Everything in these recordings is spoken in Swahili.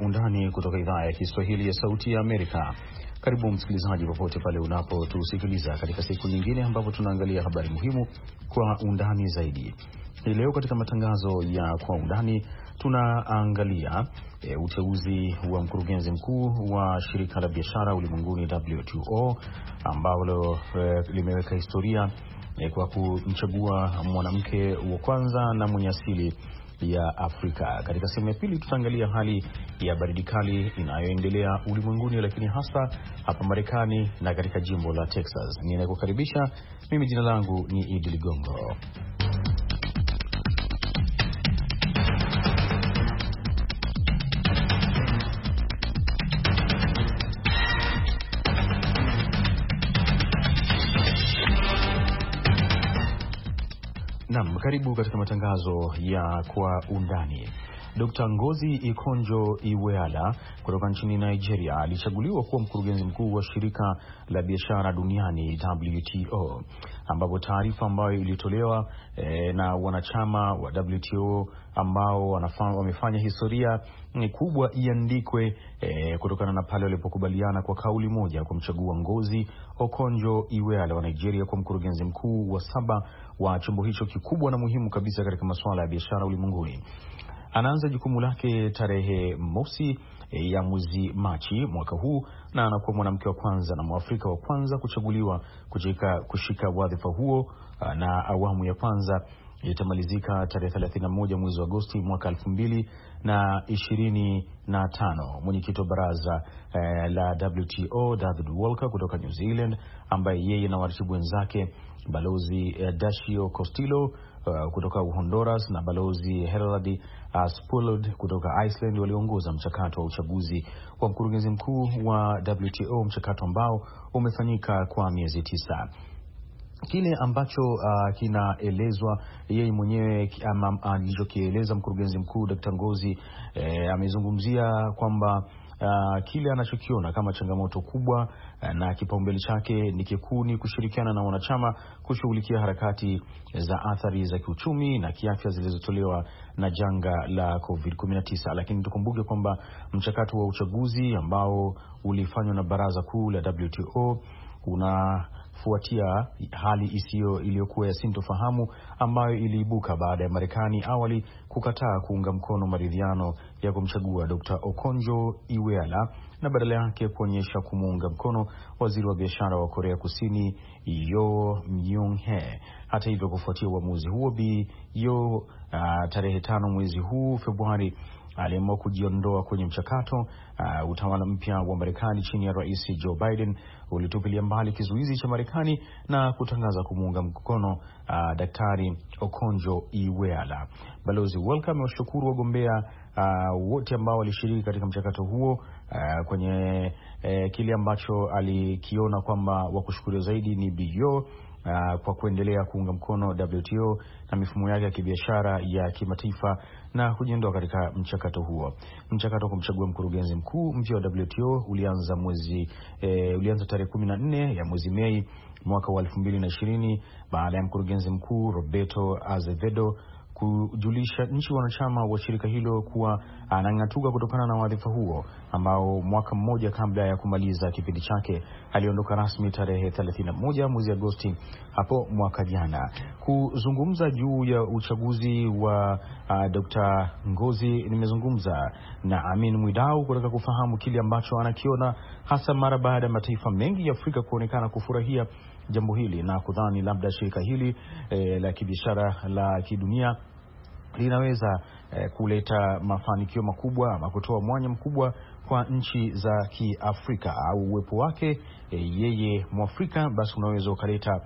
Undani kutoka idhaa ya Kiswahili ya Sauti ya Amerika. Karibu msikilizaji, popote pale unapotusikiliza katika siku nyingine ambapo tunaangalia habari muhimu kwa undani zaidi. Hii leo katika matangazo ya Kwa Undani tunaangalia e, uteuzi wa mkurugenzi mkuu wa shirika la biashara ulimwenguni WTO, ambalo e, limeweka historia e, kwa kumchagua mwanamke wa kwanza na mwenye asili ya Afrika. Katika sehemu ya pili, tutaangalia hali ya baridi kali inayoendelea ulimwenguni, lakini hasa hapa Marekani na katika jimbo la Texas. Ninakukaribisha mimi, jina langu ni Idi Ligongo. Karibu katika matangazo ya kwa undani. Dkt. Ngozi Ikonjo Iweala kutoka nchini Nigeria alichaguliwa kuwa mkurugenzi mkuu wa shirika la biashara duniani WTO ambapo taarifa ambayo ilitolewa e, na wanachama wa WTO ambao wamefanya historia kubwa iandikwe e, kutokana na pale walipokubaliana kwa kauli moja kumchagua Ngozi Okonjo Iweala wa Nigeria kwa mkurugenzi mkuu wa saba wa chombo hicho kikubwa na muhimu kabisa katika masuala ya biashara ulimwenguni. Anaanza jukumu lake tarehe mosi ya mwezi Machi mwaka huu, na anakuwa mwanamke wa kwanza na Mwafrika wa kwanza kuchaguliwa kuchika, kushika wadhifa huo, na awamu ya kwanza itamalizika tarehe 31 mwezi wa Agosti mwaka elfu mbili na ishirini na tano. Mwenyekiti wa baraza eh, la WTO David Walker kutoka New Zealand, ambaye yeye na waratibu wenzake balozi eh, Dashio Costillo uh, kutoka Honduras na balozi Herald uh, Spulod kutoka Iceland waliongoza mchakato wa uchaguzi wa mkurugenzi mkuu wa WTO, mchakato ambao umefanyika kwa miezi tisa kile ambacho uh, kinaelezwa yeye mwenyewe alichokieleza uh, mkurugenzi mkuu Dkt. Ngozi eh, amezungumzia kwamba Uh, kile anachokiona kama changamoto kubwa uh, na kipaumbele chake ni kikuu ni kushirikiana na wanachama kushughulikia harakati za athari za kiuchumi na kiafya zilizotolewa na janga la COVID-19. Lakini tukumbuke kwamba mchakato wa uchaguzi ambao ulifanywa na Baraza Kuu la WTO kunafuatia hali isiyo iliyokuwa ya sintofahamu ambayo iliibuka baada ya Marekani awali kukataa kuunga mkono maridhiano ya kumchagua Dr. Okonjo Iweala na badala yake kuonyesha kumuunga mkono waziri wa biashara wa Korea Kusini Yo Myung Hata hivyo, kufuatia uamuzi huo Bi Yo, uh, tarehe tano mwezi huu Februari aliamua kujiondoa kwenye mchakato. Uh, utawala mpya wa Marekani chini ya Rais Joe Biden ulitupilia mbali kizuizi cha Marekani na kutangaza kumuunga mkono uh, Daktari Okonjo Iweala. Balozi welka amewashukuru wagombea uh, wote ambao walishiriki katika mchakato huo uh, kwenye uh, kile ambacho alikiona kwamba wakushukuriwa zaidi ni Biyo uh, kwa kuendelea kuunga mkono WTO na mifumo yake ya kibiashara ya kimataifa na kujiondoa katika mchakato huo. Mchakato wa kumchagua mkurugenzi mkuu mpya wa WTO ulianza mwezi eh, ulianza tarehe kumi na nne ya mwezi Mei mwaka wa elfu mbili na ishirini baada ya mkurugenzi mkuu Roberto Azevedo kujulisha nchi wanachama wa shirika hilo kuwa anang'atuka ah, kutokana na wadhifa huo ambao mwaka mmoja kabla ya kumaliza kipindi chake aliondoka rasmi tarehe 31 mwezi Agosti hapo mwaka jana. Kuzungumza juu ya uchaguzi wa uh, ah, Dr. Ngozi, nimezungumza na Amin Mwidau kutaka kufahamu kile ambacho anakiona hasa mara baada ya mataifa mengi ya Afrika kuonekana kufurahia jambo hili na kudhani labda shirika hili eh, la kibiashara la kidunia linaweza eh, kuleta mafanikio makubwa ama kutoa mwanya mkubwa kwa nchi za Kiafrika au uwepo wake eh, yeye Mwafrika basi unaweza ukaleta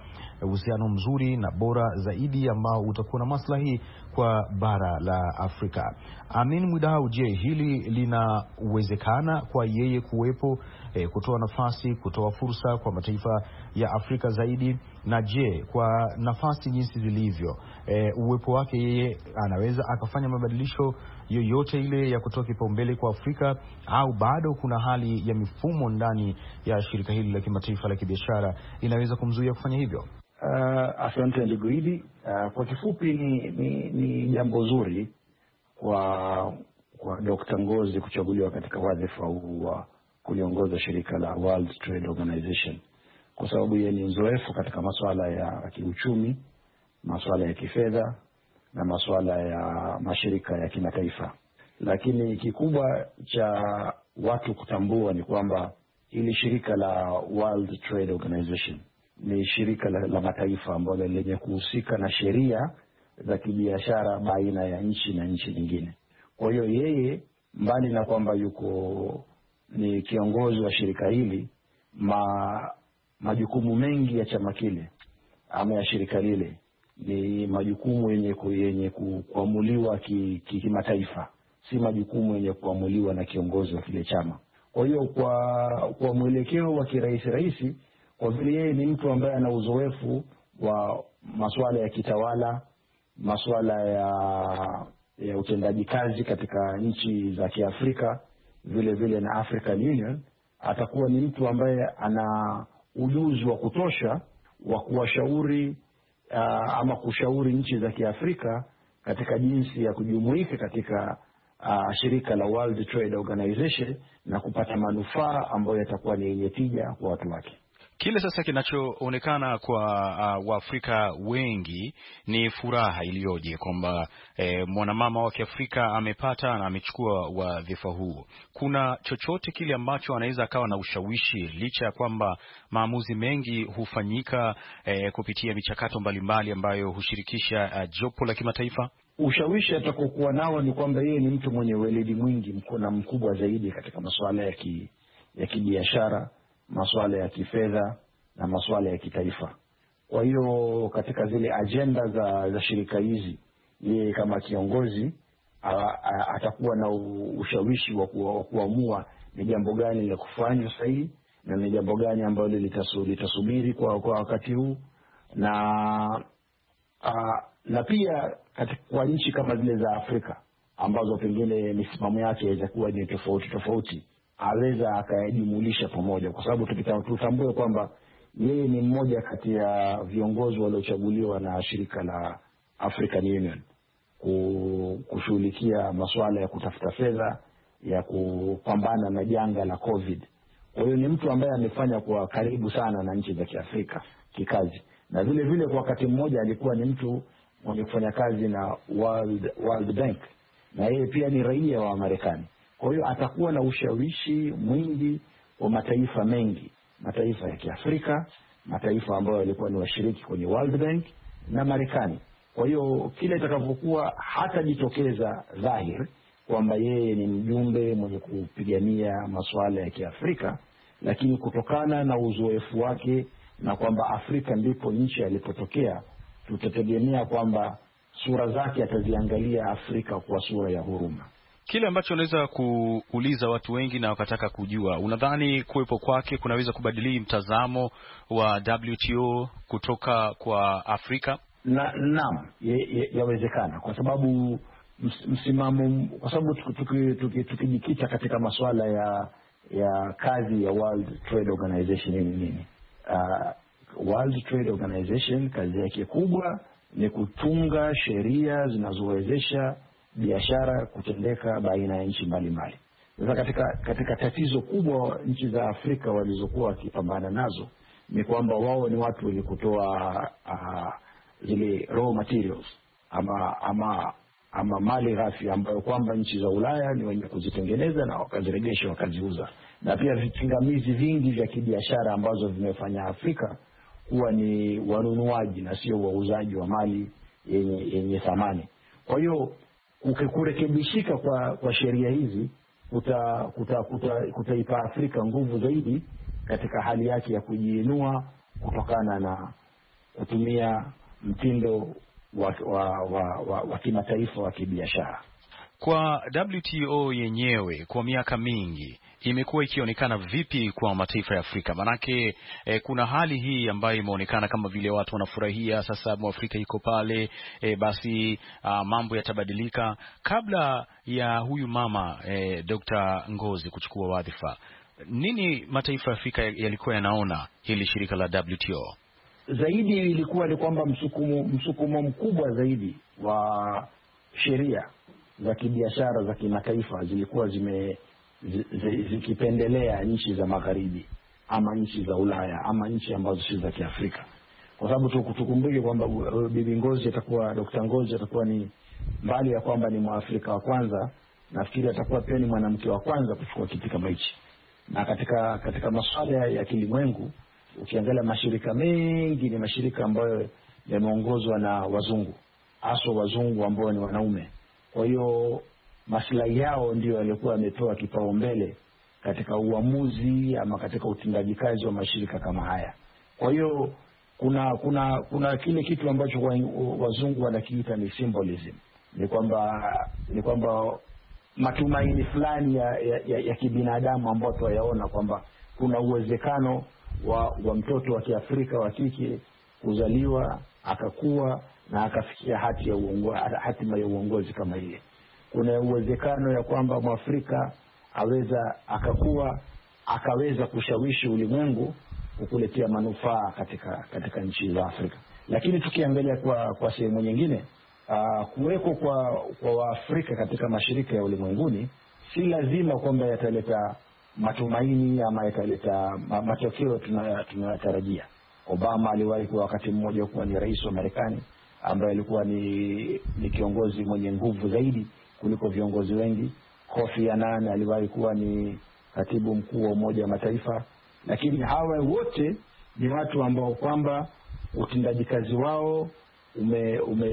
uhusiano mzuri na bora zaidi ambao utakuwa na maslahi kwa bara la Afrika. Amin Mwidau, je, hili linawezekana kwa yeye kuwepo, e, kutoa nafasi, kutoa fursa kwa mataifa ya Afrika zaidi? Na je, kwa nafasi jinsi zilivyo, e, uwepo wake yeye anaweza akafanya mabadilisho yoyote ile ya kutoa kipaumbele kwa Afrika au bado kuna hali ya mifumo ndani ya shirika hili la kimataifa la kibiashara inaweza kumzuia kufanya hivyo? Uh, asante ndugu Idi. Uh, kwa kifupi ni, ni, ni jambo zuri kwa kwa Dr. Ngozi kuchaguliwa katika wadhifa huu wa kuliongoza shirika la World Trade Organization kwa sababu yeye ni mzoefu katika masuala ya kiuchumi, masuala ya kifedha na masuala ya mashirika ya kimataifa. Lakini kikubwa cha watu kutambua ni kwamba hili shirika la World Trade Organization ni shirika la, la mataifa ambalo lenye kuhusika na sheria za kibiashara baina ya nchi na nchi nyingine. Kwa hiyo yeye, mbali na kwamba yuko ni kiongozi wa shirika hili, ma, majukumu mengi ya chama kile ama ya shirika lile ni majukumu yenye, ku, yenye kuamuliwa kimataifa ki, si majukumu yenye kuamuliwa na kiongozi wa kile chama. Kwa hiyo kwa, kwa mwelekeo wa kirahisi rahisi kwa vile yeye ni mtu ambaye ana uzoefu wa masuala ya kitawala, masuala ya, ya utendaji kazi katika nchi za Kiafrika vile vile na African Union, atakuwa ni mtu ambaye ana ujuzi wa kutosha wa kuwashauri uh, ama kushauri nchi za Kiafrika katika jinsi ya kujumuika katika uh, shirika la World Trade Organization na kupata manufaa ambayo yatakuwa ni yenye tija kwa watu wake. Kile sasa kinachoonekana kwa uh, Waafrika wengi ni furaha iliyoje kwamba eh, mwanamama wa Kiafrika amepata na amechukua wadhifa huu. Kuna chochote kile ambacho anaweza akawa na ushawishi, licha ya kwamba maamuzi mengi hufanyika eh, kupitia michakato mbalimbali ambayo hushirikisha uh, jopo la kimataifa? Ushawishi atakokuwa nao ni kwamba yeye ni mtu mwenye weledi mwingi na mkubwa zaidi katika masuala ya kibiashara masuala ya kifedha na masuala ya kitaifa. Kwa hiyo katika zile ajenda za, za shirika hizi, yeye kama kiongozi atakuwa na ushawishi wa kuamua ni jambo gani la kufanywa sahihi na ni jambo gani ambalo litasu, litasubiri kwa, kwa wakati huu na a, na pia kwa nchi kama zile za Afrika ambazo pengine misimamo yake yaweza kuwa ni tofauti tofauti aweza akayajumulisha pamoja, kwa sababu tutambue kwamba yeye ni mmoja kati ya viongozi waliochaguliwa na shirika la African Union kushughulikia masuala ya kutafuta fedha ya kupambana na janga la COVID. Kwa hiyo ni mtu ambaye amefanya kwa karibu sana na nchi za Kiafrika kikazi, na vile vile kwa wakati mmoja alikuwa ni mtu mwenye kufanya kazi na World, World Bank na yeye pia ni raia wa Marekani. Kwa hiyo atakuwa na ushawishi mwingi wa mataifa mengi, mataifa ya Kiafrika, mataifa ambayo yalikuwa ni washiriki kwenye World Bank na Marekani. Kwa hiyo kile itakavyokuwa, hatajitokeza dhahiri kwamba yeye ni mjumbe mwenye kupigania masuala ya Kiafrika, lakini kutokana na uzoefu wake na kwamba Afrika ndipo nchi alipotokea, tutategemea kwamba sura zake ataziangalia Afrika kwa sura ya huruma. Kile ambacho unaweza kuuliza watu wengi na wakataka kujua, unadhani kuwepo kwake kunaweza kubadili mtazamo wa WTO kutoka kwa Afrika? Naam, yawezekana kwa sababu msimamo, kwa sababu tukijikita tuki, tuki, tuki katika masuala ya ya kazi ya World Trade Organization ni nini? Uh, World Trade Organization kazi yake kubwa ni kutunga sheria zinazowezesha biashara kutendeka baina ya nchi mbalimbali. Sasa katika, katika tatizo kubwa nchi za Afrika walizokuwa wakipambana nazo ni kwamba wao ni watu wenye kutoa uh, zile raw materials ama, ama, ama mali ghafi ambayo kwamba nchi za Ulaya ni wenye kuzitengeneza na wakaziregesha wakaziuza, na pia vipingamizi vingi vya kibiashara ambazo vimefanya Afrika kuwa ni wanunuaji na sio wauzaji wa mali yenye, yenye thamani. Kwa hiyo ukikurekebishika kwa, kwa sheria hizi kutaipa kuta, kuta, kuta Afrika nguvu zaidi katika hali yake ya kujiinua kutokana na kutumia mtindo wa, wa, wa, wa, wa kimataifa wa kibiashara kwa WTO yenyewe kwa miaka mingi imekuwa ikionekana vipi kwa mataifa ya Afrika? Maanake e, kuna hali hii ambayo imeonekana kama vile watu wanafurahia sasa Mwafrika iko pale e, basi a, ah, mambo yatabadilika. Kabla ya huyu mama e, eh, Dr. Ngozi kuchukua wadhifa, nini mataifa ya Afrika yalikuwa yanaona hili shirika la WTO? Zaidi ilikuwa ni kwamba msukumo msukumo mkubwa zaidi wa sheria za kibiashara za kimataifa zilikuwa zime zikipendelea nchi za magharibi ama nchi za Ulaya ama nchi ambazo si za Kiafrika, kwa sababu tukumbuke kwamba uh, bibi Ngozi atakuwa Dokta Ngozi atakuwa ni mbali ya kwamba ni mwaafrika wa kwanza, nafikiri atakuwa pia ni mwanamke wa kwanza kuchukua kiti kama hichi. Na katika katika maswala ya kilimwengu, ukiangalia mashirika mengi ni mashirika ambayo yameongozwa na wazungu, haswa wazungu ambao ni wanaume. Kwa hiyo maslahi yao ndio yalikuwa yamepewa kipaumbele katika uamuzi ama katika utendaji kazi wa mashirika kama haya. Kwa hiyo kuna kuna kuna kile kitu ambacho wazungu wanakiita ni symbolism, ni kwamba ni kwamba matumaini fulani ya, ya, ya, ya kibinadamu ambao twayaona kwamba kuna uwezekano wa, wa mtoto wa Kiafrika wa kike kuzaliwa akakuwa na akafikia hati ya uongo, hatima ya uongozi kama ile kuna uwezekano ya kwamba mwafrika aweza akakuwa akaweza kushawishi ulimwengu kukuletea manufaa katika, katika nchi za Afrika. Lakini tukiangalia kwa, kwa sehemu nyingine uh, kuweko kwa, kwa Waafrika katika mashirika ya ulimwenguni si lazima kwamba yataleta matumaini ama yataleta matokeo tunayotarajia. Obama aliwahi kuwa wakati mmoja kuwa ni rais wa Marekani ambaye alikuwa ni, ni kiongozi mwenye nguvu zaidi kuliko viongozi wengi. Kofi Annan aliwahi kuwa ni katibu mkuu wa Umoja wa Mataifa, lakini hawa wote ni watu ambao kwamba utendaji kazi wao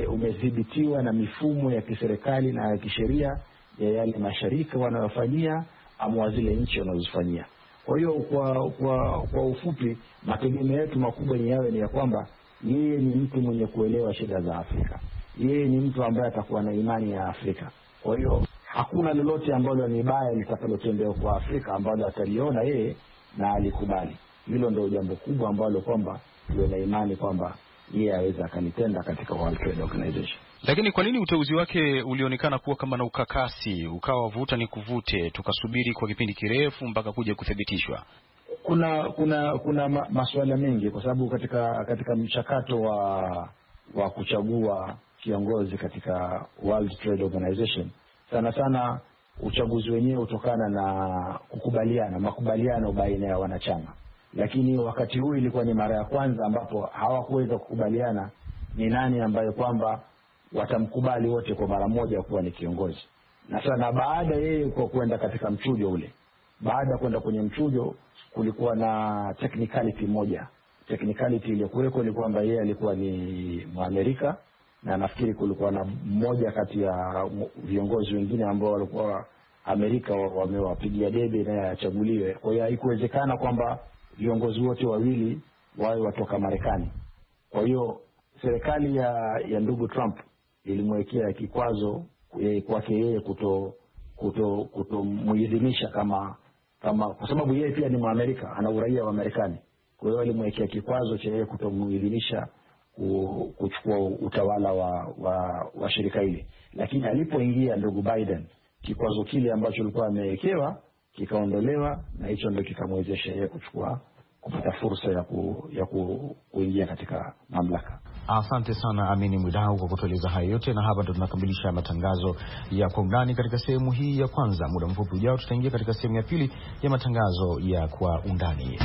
umedhibitiwa ume, ume na mifumo ya kiserikali na ya kisheria ya yale mashirika wanayofanyia ama zile nchi wanazofanyia. Kwa hiyo kwa, kwa, kwa ufupi mategemeo yetu makubwa ni yawe ni ya kwamba yeye ni mtu mwenye kuelewa shida za Afrika, yeye ni mtu ambaye atakuwa na imani ya Afrika, kwa hiyo hakuna lolote ambalo ni baya litakalotembea kwa Afrika ambalo ataliona yeye na alikubali. Hilo ndo jambo kubwa ambalo kwamba tuwe na imani kwamba yeye aweza akalitenda katika World Trade Organization. Lakini kwa nini uteuzi wake ulionekana kuwa kama na ukakasi, ukawa vuta ni kuvute, tukasubiri kwa kipindi kirefu mpaka kuja kuthibitishwa? Kuna kuna kuna masuala mengi, kwa sababu katika katika mchakato wa wa kuchagua kiongozi katika World Trade Organization. Sana sana uchaguzi wenyewe hutokana na kukubaliana, makubaliano baina ya wanachama, lakini wakati huu ilikuwa ni mara ya kwanza ambapo hawakuweza kukubaliana ni nani ambaye kwamba watamkubali wote kwa mara moja kuwa ni kiongozi. Na sana baada yeye kwa kwenda katika mchujo ule, baada ya kwenda kwenye mchujo, kulikuwa na technicality moja. Technicality iliyokuweko ni kwamba yeye alikuwa ni Mwamerika na nafikiri kulikuwa na mmoja kati ya viongozi wengine ambao walikuwa Amerika wamewapigia debe naye achaguliwe. Kwa hiyo haikuwezekana kwamba viongozi wote wawili wawe watoka Marekani. Kwa hiyo serikali ya, ya ndugu Trump ilimwekea kikwazo kwake yeye kuto kutomuidhinisha kama kama kwa sababu yeye pia ni Mwamerika, ana uraia wa Marekani. Kwa hiyo alimwekea kikwazo cha yeye kutomuidhinisha kuchukua utawala wa, wa, wa shirika hili. Lakini alipoingia ndugu Biden, kikwazo kile ambacho alikuwa amewekewa kikaondolewa, na hicho ndio kikamwezesha yeye kuchukua kupata fursa ya, ku, ya ku, kuingia katika mamlaka. Asante sana Amini Mwidau kwa kutueleza hayo yote, na hapa ndo tunakamilisha matangazo ya kwa undani katika sehemu hii ya kwanza. Muda mfupi ujao, tutaingia katika sehemu ya pili ya matangazo ya kwa undani.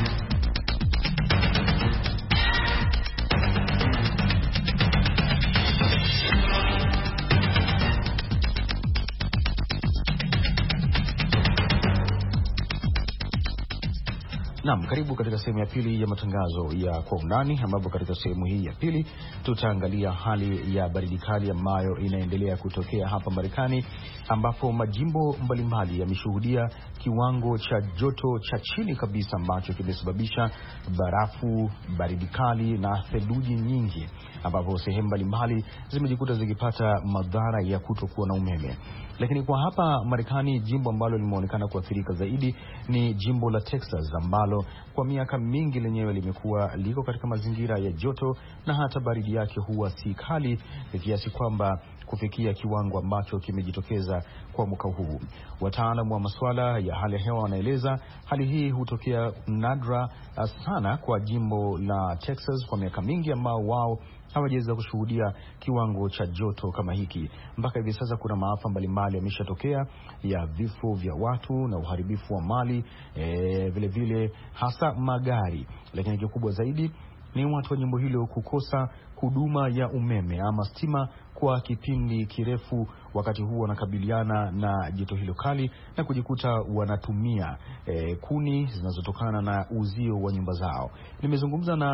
Naam, karibu katika sehemu ya pili ya matangazo ya kwa undani, ambapo katika sehemu hii ya pili tutaangalia hali ya baridi kali ambayo inaendelea kutokea hapa Marekani, ambapo majimbo mbalimbali yameshuhudia kiwango cha joto cha chini kabisa ambacho kimesababisha barafu, baridi kali na theluji nyingi, ambapo sehemu mbalimbali zimejikuta zikipata madhara ya kutokuwa na umeme. Lakini kwa hapa Marekani, jimbo ambalo limeonekana kuathirika zaidi ni jimbo la Texas ambalo kwa miaka mingi lenyewe limekuwa liko katika mazingira ya joto na hata baridi yake huwa si kali kiasi kwamba kufikia kiwango ambacho kimejitokeza kwa mwaka huu. Wataalamu wa masuala ya hali ya hewa wanaeleza hali hii hutokea nadra eh, sana kwa jimbo la Texas kwa miaka mingi ambao wao hawajaweza kushuhudia kiwango cha joto kama hiki. Mpaka hivi sasa kuna maafa mbalimbali yameshatokea ya vifo vya watu na uharibifu wa mali vilevile eh, vile, hasa magari, lakini kikubwa zaidi ni watu wa jimbo hilo kukosa huduma ya umeme ama stima kwa kipindi kirefu, wakati huu wanakabiliana na joto hilo kali na kujikuta wanatumia e, kuni zinazotokana na uzio wa nyumba zao. Nimezungumza na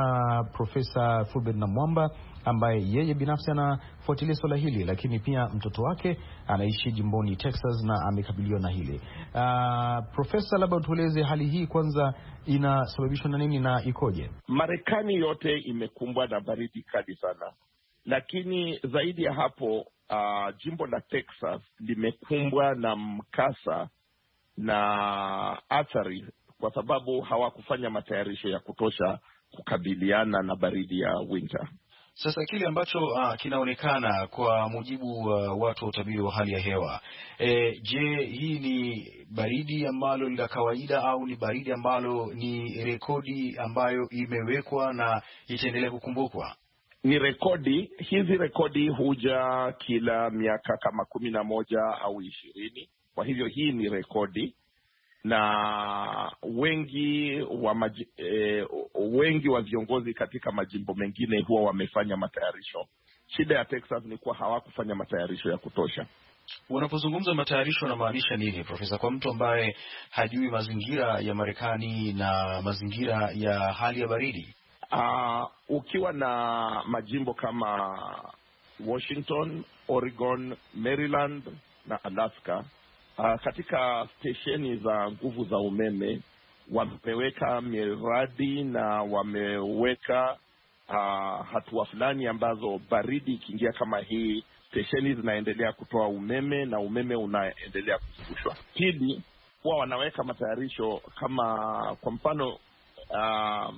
Profesa Fulbert Namwamba ambaye yeye binafsi anafuatilia swala hili, lakini pia mtoto wake anaishi jimboni Texas na amekabiliwa na hili. Ah, Profesa, labda utueleze hali hii kwanza inasababishwa na nini na ikoje? Marekani yote imekumbwa na baridi kali sana lakini zaidi ya hapo uh, jimbo la Texas limekumbwa na mkasa na athari kwa sababu hawakufanya matayarisho ya kutosha kukabiliana na baridi ya winter. Sasa kile ambacho uh, kinaonekana kwa mujibu wa uh, watu wa utabiri wa hali ya hewa e, je, hii ni baridi ambalo ni la kawaida au ni baridi ambalo ni rekodi ambayo imewekwa na itaendelea kukumbukwa? ni rekodi. Hizi rekodi huja kila miaka kama kumi na moja au ishirini. Kwa hivyo hii ni rekodi na wengi wa maji, eh, wengi wa viongozi katika majimbo mengine huwa wamefanya matayarisho. Shida ya Texas ni kuwa hawakufanya matayarisho ya kutosha. Unapozungumza matayarisho unamaanisha nini, Profesa? Kwa mtu ambaye hajui mazingira ya Marekani na mazingira ya hali ya baridi. Uh, ukiwa na majimbo kama Washington, Oregon, Maryland na Alaska. Uh, katika stesheni za nguvu za umeme wameweka miradi na wameweka uh, hatua fulani ambazo baridi ikiingia kama hii, stesheni zinaendelea kutoa umeme na umeme unaendelea kuzungushwa. Pili, huwa wanaweka matayarisho kama kwa mfano uh,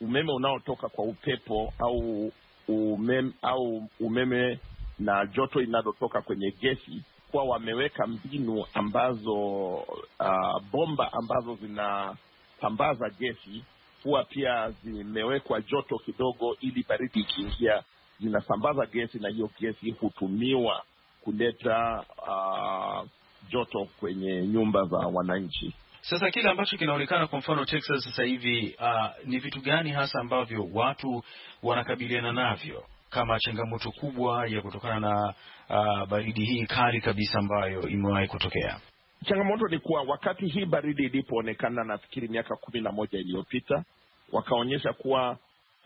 umeme unaotoka kwa upepo au umeme, au umeme na joto inalotoka kwenye gesi kuwa wameweka mbinu ambazo uh, bomba ambazo zinasambaza gesi huwa pia zimewekwa joto kidogo, ili baridi ikiingia zinasambaza gesi, na hiyo gesi hutumiwa kuleta uh, joto kwenye nyumba za wananchi. Sasa kile ambacho kinaonekana kwa mfano Texas sasa hivi uh, ni vitu gani hasa ambavyo watu wanakabiliana navyo kama changamoto kubwa ya kutokana na uh, baridi hii kali kabisa ambayo imewahi kutokea? Changamoto ni kuwa wakati hii baridi ilipoonekana, nafikiri miaka kumi na moja iliyopita, wakaonyesha kuwa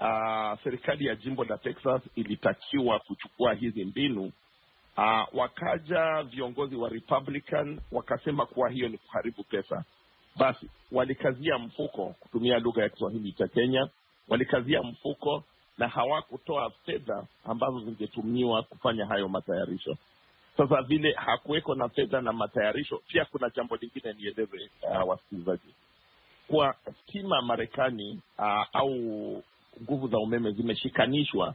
uh, serikali ya jimbo la Texas ilitakiwa kuchukua hizi mbinu Uh, wakaja viongozi wa Republican wakasema kuwa hiyo ni kuharibu pesa. Basi walikazia mfuko, kutumia lugha ya Kiswahili cha Kenya, walikazia mfuko na hawakutoa fedha ambazo zingetumiwa kufanya hayo matayarisho. Sasa vile hakuweko na fedha na matayarisho, pia kuna jambo lingine nieleze uh, wasikilizaji kwa stima Marekani uh, au nguvu za umeme zimeshikanishwa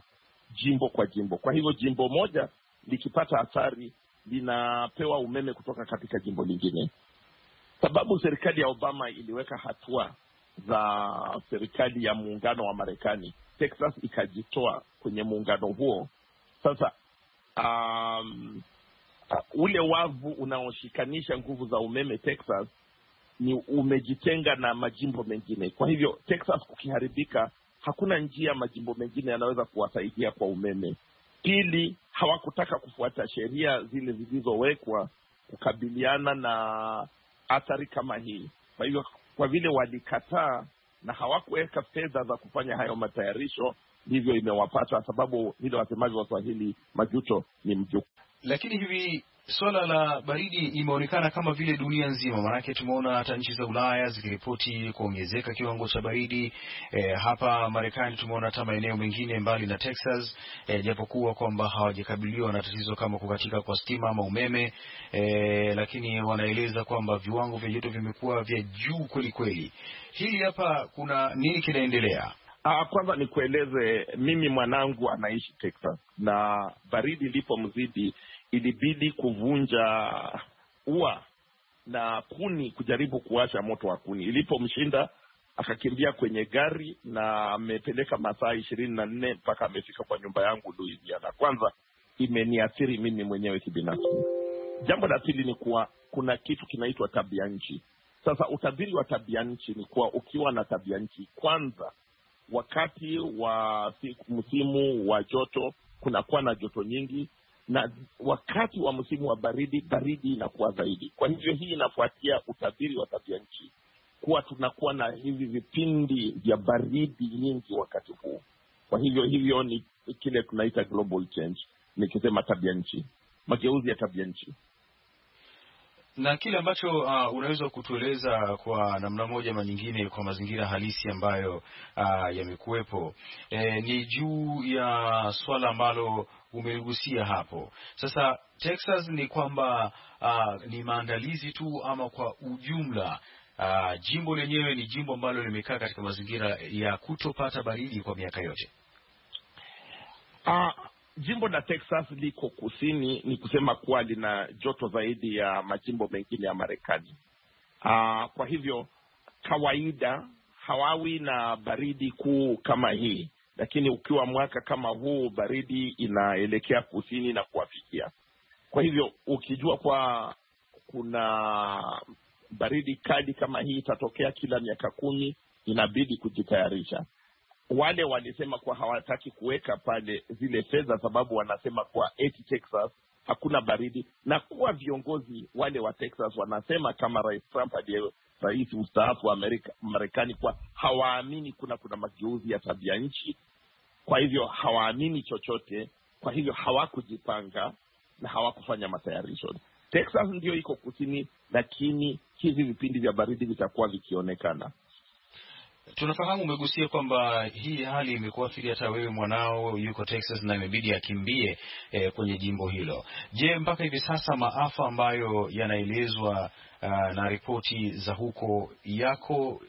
jimbo kwa jimbo. Kwa hivyo jimbo moja likipata athari linapewa umeme kutoka katika jimbo lingine sababu serikali ya Obama iliweka hatua za serikali ya muungano wa Marekani, Texas ikajitoa kwenye muungano huo. Sasa um, uh, ule wavu unaoshikanisha nguvu za umeme Texas ni umejitenga na majimbo mengine. Kwa hivyo Texas kukiharibika, hakuna njia majimbo mengine yanaweza kuwasaidia kwa umeme. Pili, hawakutaka kufuata sheria zile zilizowekwa kukabiliana na athari kama hii. Kwa hivyo, kwa vile walikataa na hawakuweka fedha za kufanya hayo matayarisho, ndivyo imewapata, sababu vile wasemavyo Waswahili, majuto ni mjukuu. Lakini hivi Swala la baridi imeonekana kama vile dunia nzima, maanake tumeona hata nchi za Ulaya zikiripoti kuongezeka kiwango cha baridi. E, hapa Marekani tumeona hata maeneo mengine mbali na Texas, e, japokuwa kwamba hawajakabiliwa na tatizo kama kukatika kwa stima ama umeme, e, lakini wanaeleza kwamba viwango vya joto vimekuwa vya juu kweli kweli. Hili hapa kuna nini kinaendelea? Ah, ah, kwanza nikueleze, mimi mwanangu anaishi Texas na baridi ilipomzidi ilibidi kuvunja ua na kuni kujaribu kuwasha moto wa kuni. Ilipomshinda akakimbia kwenye gari na amepeleka masaa ishirini na nne mpaka amefika kwa nyumba yangu Louisiana. Kwanza imeniathiri mimi mwenyewe kibinafsi. Jambo la pili ni kuwa kuna kitu kinaitwa tabia nchi. Sasa utabiri wa tabia nchi ni kuwa ukiwa na tabia nchi, kwanza wakati wa msimu wa joto kunakuwa na joto nyingi, na wakati wa msimu wa baridi, baridi inakuwa zaidi. Kwa hivyo hii inafuatia utabiri wa tabia nchi kuwa tunakuwa na hivi vipindi vya baridi nyingi wakati huu. Kwa hivyo hivyo ni kile tunaita global change, nikisema tabia nchi, mageuzi ya tabia nchi na kile ambacho uh, unaweza kutueleza kwa namna moja ama nyingine kwa mazingira halisi ambayo uh, yamekuwepo, e, ni juu ya swala ambalo umeligusia hapo. Sasa Texas ni kwamba uh, ni maandalizi tu ama kwa ujumla uh, jimbo lenyewe ni jimbo ambalo limekaa katika mazingira ya kutopata baridi kwa miaka yote. Uh, jimbo la Texas liko kusini, ni kusema kuwa lina joto zaidi ya majimbo mengine ya Marekani. Uh, kwa hivyo kawaida hawawi na baridi kuu kama hii lakini ukiwa mwaka kama huu baridi inaelekea kusini na kuwafikia. Kwa hivyo ukijua kwa kuna baridi kali kama hii itatokea kila miaka kumi, inabidi kujitayarisha. Wale walisema kuwa hawataki kuweka pale zile fedha, sababu wanasema kuwa eti Texas hakuna baridi, na kuwa viongozi wale wa Texas wanasema kama Rais Trump aliye rais mstaafu wa Marekani kuwa hawaamini kuna kuna mageuzi ya tabia nchi kwa hivyo hawaamini chochote, kwa hivyo hawakujipanga na hawakufanya matayarisho. Texas ndio iko kusini, lakini hivi vipindi vya baridi vitakuwa vikionekana. Tunafahamu umegusia kwamba hii hali imekuathiri hata wewe, mwanao yuko Texas na imebidi akimbie e, kwenye jimbo hilo. Je, mpaka hivi sasa maafa ambayo yanaelezwa ah, na ripoti za huko yako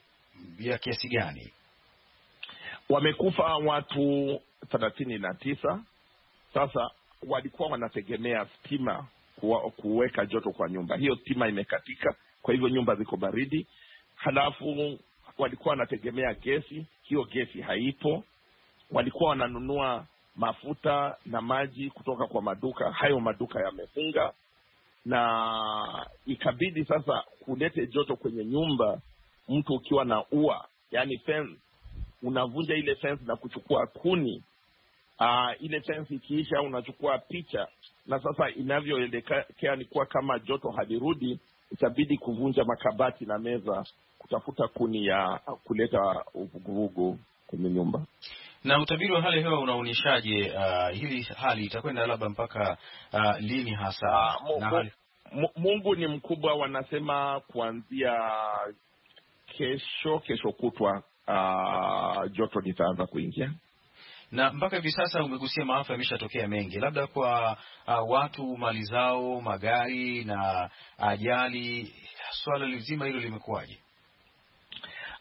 ya kiasi gani? Wamekufa watu thelathini na tisa. Sasa walikuwa wanategemea stima kuweka joto kwa nyumba, hiyo stima imekatika, kwa hivyo nyumba ziko baridi. Halafu walikuwa wanategemea gesi, hiyo gesi haipo. Walikuwa wananunua mafuta na maji kutoka kwa maduka, hayo maduka yamefunga, na ikabidi sasa kulete joto kwenye nyumba, mtu ukiwa na ua, yani fence unavunja ile fence na kuchukua kuni uh, ile fence ikiisha, unachukua picha, na sasa inavyoelekea ni kuwa kama joto halirudi, itabidi kuvunja makabati na meza kutafuta kuni ya kuleta uvuguvugu kwenye nyumba. Na utabiri wa hali hewa unaonyeshaje, uh, hili hali itakwenda labda mpaka uh, lini hasa? Mungu, na hali... Mungu ni mkubwa, wanasema kuanzia kesho kesho kutwa uh, joto litaanza kuingia na mpaka hivi sasa umegusia maafa yameshatokea mengi, labda kwa uh, watu mali zao, magari na ajali. Swala lizima hilo limekuwaje?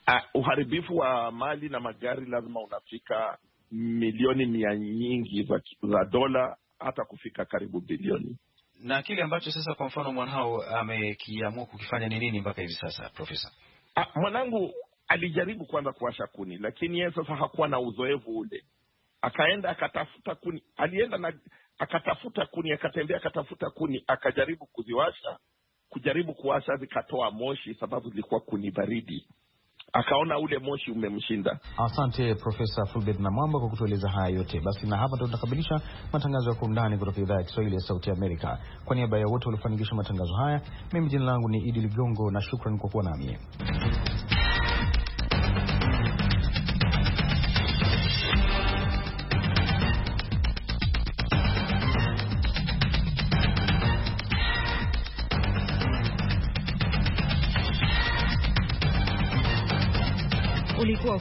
Uh, uharibifu wa mali na magari lazima unafika milioni mia nyingi za, za dola hata kufika karibu bilioni. Na kile ambacho sasa kwa mfano mwanao amekiamua kukifanya ni nini mpaka hivi sasa, Profesa? Uh, mwanangu alijaribu kwanza kuwasha kuni, lakini yeye sasa hakuwa na uzoefu ule. Akaenda akatafuta kuni, alienda na akatafuta kuni, akatembea akatafuta kuni, akajaribu kuziwasha, kujaribu kuwasha, zikatoa moshi sababu zilikuwa kuni baridi akaona ule moshi umemshinda. Asante Profesa Fulbert Namwamba kwa kutueleza haya yote. Basi na hapa ndo tunakamilisha matangazo ya Kwa Undani kutoka idhaa ya Kiswahili ya Sauti Amerika. Kwa niaba ya wote waliofanikisha matangazo haya, mimi jina langu ni Idi Ligongo na shukran kwa kuwa nami.